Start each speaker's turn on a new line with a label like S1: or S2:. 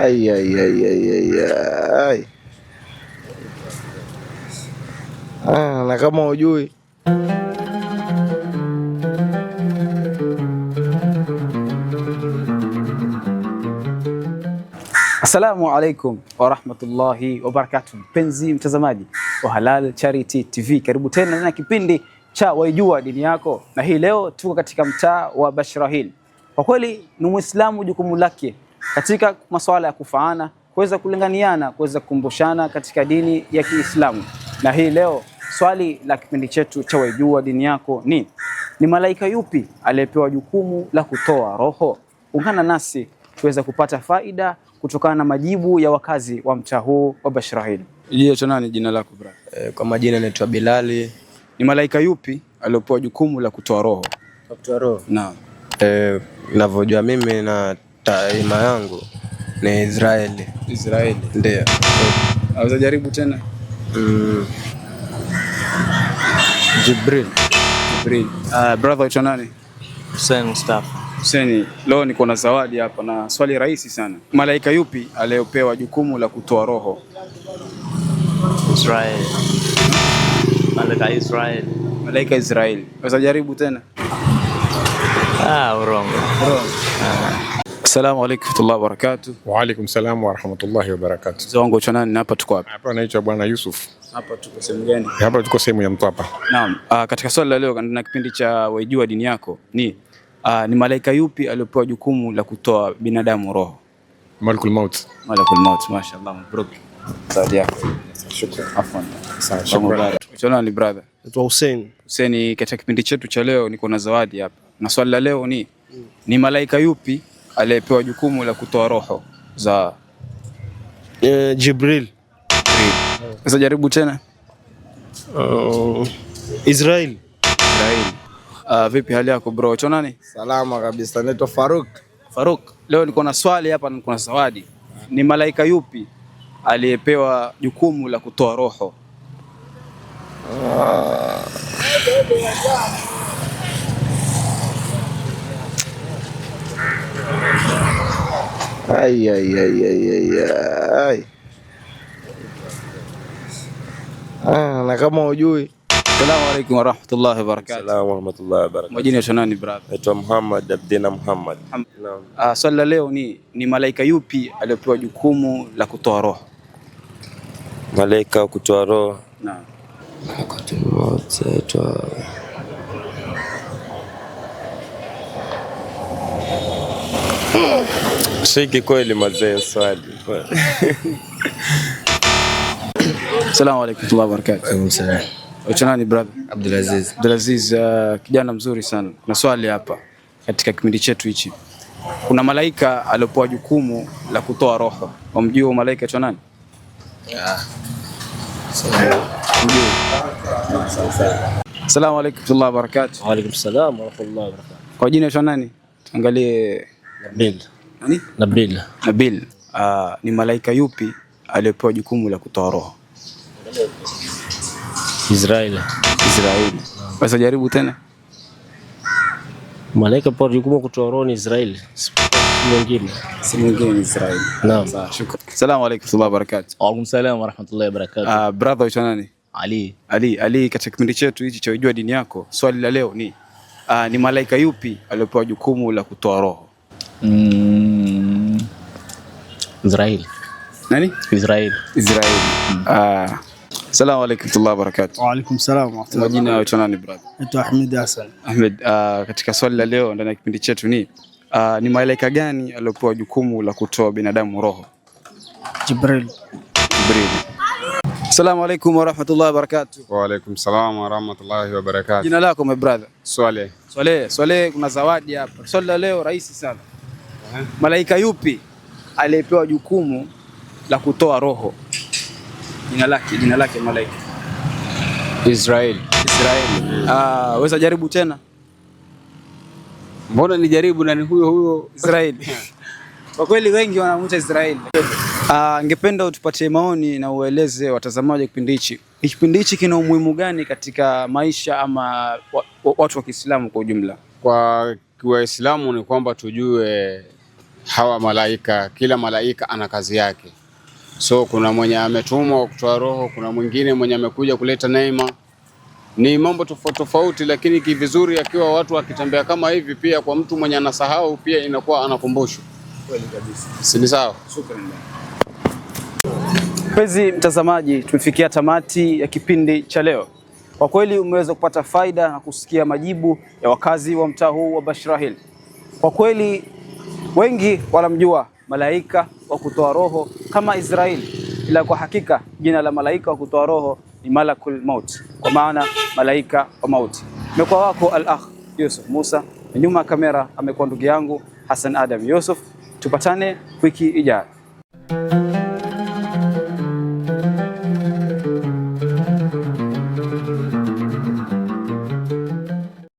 S1: Ay, ay, ay, ay, ay, ay. Ah, na kama hujui Assalamu alaikum warahmatullahi wabarakatu, mpenzi mtazamaji wa Halal Charity TV, karibu tena na kipindi cha Waijua Dini Yako, na hii leo tuko katika mtaa wa bashrahil Kwa kweli ni Muislamu, jukumu lake katika masuala ya kufaana, kuweza kulinganiana, kuweza kukumbushana katika dini ya Kiislamu. Na hii leo swali la kipindi chetu cha Waijua Dini Yako ni ni malaika yupi aliyepewa jukumu la kutoa roho? Ungana nasi tuweza kupata faida kutokana na majibu ya wakazi wa mtaa huu wa Bashrahil.
S2: Hill. Je, jina lako bra?
S3: E, kwa majina naitwa Bilali.
S1: Ni malaika yupi aliyopewa jukumu la kutoa roho?
S2: Kutoa roho. Naam.
S3: Eh, mimi na Taaluma yangu ni Israeli.
S2: Israeli. Ndio.
S1: Aweza jaribu tena? Mm. Jibril. Jibril. Uh, brother ucho nani?
S4: Hussein Mustafa.
S1: Hussein, leo niko na zawadi hapa na swali rahisi sana. Malaika yupi aliyopewa jukumu la kutoa roho?
S4: Israeli. Malaika Israeli.
S1: Malaika Israeli. Aweza jaribu tena?
S4: Ah, urongo. Urongo.
S1: Assalamu alaykum warahmatullahi wabarakatuh.
S2: Wa alaykum rahmatullahi wa wabarakatuh.
S1: Mzee wangu ucho nani na hapa tuko hapa?
S2: Hapa naitwa Bwana Yusuf.
S1: Hapa tuko sehemu gani?
S2: Hapa tuko sehemu ya Mtwapa.
S1: Naam. Uh, katika swali la leo na kipindi cha Waijua Dini Yako ni uh, ni malaika yupi aliyopewa jukumu la kutoa binadamu roho?
S2: Malakul Maut.
S1: Malakul Maut. Mashaallah. Mabruk. Zawadi yako. Shukran. Afwan. Shukran. Ucho nani brother?
S5: Naitwa Hussein.
S1: Hussein, katika kipindi chetu cha leo niko na zawadi hapa. Na swali la leo ni mm. ni malaika yupi aliyepewa jukumu la kutoa roho za
S3: uh, Jibril.
S1: Sasa jaribu tena
S3: uh, Israel. Israel.
S1: Uh, vipi hali yako bro? Cho nani?
S6: Salama kabisa. Naitwa Faruk.
S1: Faruk, leo niko na swali hapa, niko na zawadi. Ni malaika yupi aliyepewa jukumu la kutoa roho? uh...
S2: Ai, ai, ai, ai, ai, ai. Ah, na kama hujui.
S1: Assalamu alaykum wa rahmatullahi wa barakatuh.
S2: Assalamu wa rahmatullahi wa barakatuh.
S1: Majina ya nani brother?
S3: Naitwa Muhammad Abdina Muhammad. Naam.
S1: Ah, swali la leo ni ni malaika yupi aliyopewa jukumu la kutoa roho?
S3: Malaika kutoa roho.
S1: Naam. Wakati mmoja aitwa
S3: Shiki kweli mazee, swali.
S1: Asalamu alaykum wa rahmatullahi wa
S3: barakatuh.
S1: Uchanani brother?
S3: Abdulaziz.
S1: Abdulaziz, uh, kijana mzuri sana. Na swali hapa katika kipindi chetu hichi. Kuna malaika aliopewa jukumu la kutoa roho. Wamjua malaika cha nani? Asalamu ah, alaykum wa rahmatullahi wa barakatuh.
S2: Wa alaykum salaam wa rahmatullahi wa barakatuh.
S1: Kwa jina cha nani? Angalie Nabil. Nani? Nabil. Nabil. Uh, ni malaika yupi aliyopewa jukumu la kutoa roho? Israel. Israeli. Sasa jaribu tena.
S3: Malaika pori jukumu kutoa roho ni Israel.
S2: Mwingine. Si mwingine ni Israeli.
S1: Naam. shukrani. Asalamu alaykum wa barakatuh.
S2: Wa alaykum salaam wa rahmatullahi wa barakatuh.
S1: Ah, brother ucha nani? Ali. Ali, Ali, katika kipindi chetu hichi cha Ujua Dini Yako, swali la leo ni ah, ni malaika yupi aliyopewa jukumu la kutoa roho? Mm. Israel. Nani? Israel. Israel. Mm. Ah. Salamu alaykum wa wabarakatuh.
S2: Wa Wa alaykum salaam wa rahmatullahi.
S1: Majina yaitwa nani brother?
S7: Naitwa Ahmed Hassan.
S1: Ahmed, ah, katika swali la leo ndani ya kipindi chetu ni ah, ni malaika gani aliopewa jukumu la kutoa binadamu roho?
S7: Jibril. Jibril.
S1: Assalamu alaykum wa rahmatullahi Wa
S2: Wa alaykum rahmatullahi wa wabarakatuh.
S1: Jina lako my brother? Swale. Swale, Swale, kuna zawadi hapa. Swali la leo rahisi sana malaika yupi aliyepewa jukumu la kutoa roho? Jina lake jina lake malaika Israel. Israel. Ah, weza jaribu tena. Mbona nijaribu na ni huyo huyo Israel? Kwa kweli wengi wanamuita Israel. Ah, ngependa utupatie maoni na ueleze watazamaji kipindi hichi. Kipindi hichi kina umuhimu gani katika maisha ama watu wa Kiislamu kwa ujumla?
S8: Kwa Waislamu ni kwamba tujue hawa malaika. Kila malaika ana kazi yake, so kuna mwenye ametumwa kutoa roho, kuna mwingine mwenye amekuja kuleta neema. Ni mambo tofauti tofauti, lakini kivizuri, akiwa watu wakitembea kama hivi, pia kwa mtu mwenye anasahau pia inakuwa anakumbushwa. Kweli kabisa, si ni sawa?
S1: Mpenzi mtazamaji, tumefikia tamati ya kipindi cha leo. Kwa kweli umeweza kupata faida na kusikia majibu ya wakazi wa mtaa huu wa bashrahil Kwa kweli Wengi wanamjua malaika wa kutoa roho kama Israeli, ila kwa hakika jina la malaika wa kutoa roho ni Malakul Maut, kwa maana malaika wa mauti. Imekuwa wako al-akh Yusuf Musa, na nyuma ya kamera amekuwa ndugu yangu Hassan Adam Yusuf. Tupatane wiki ijayo.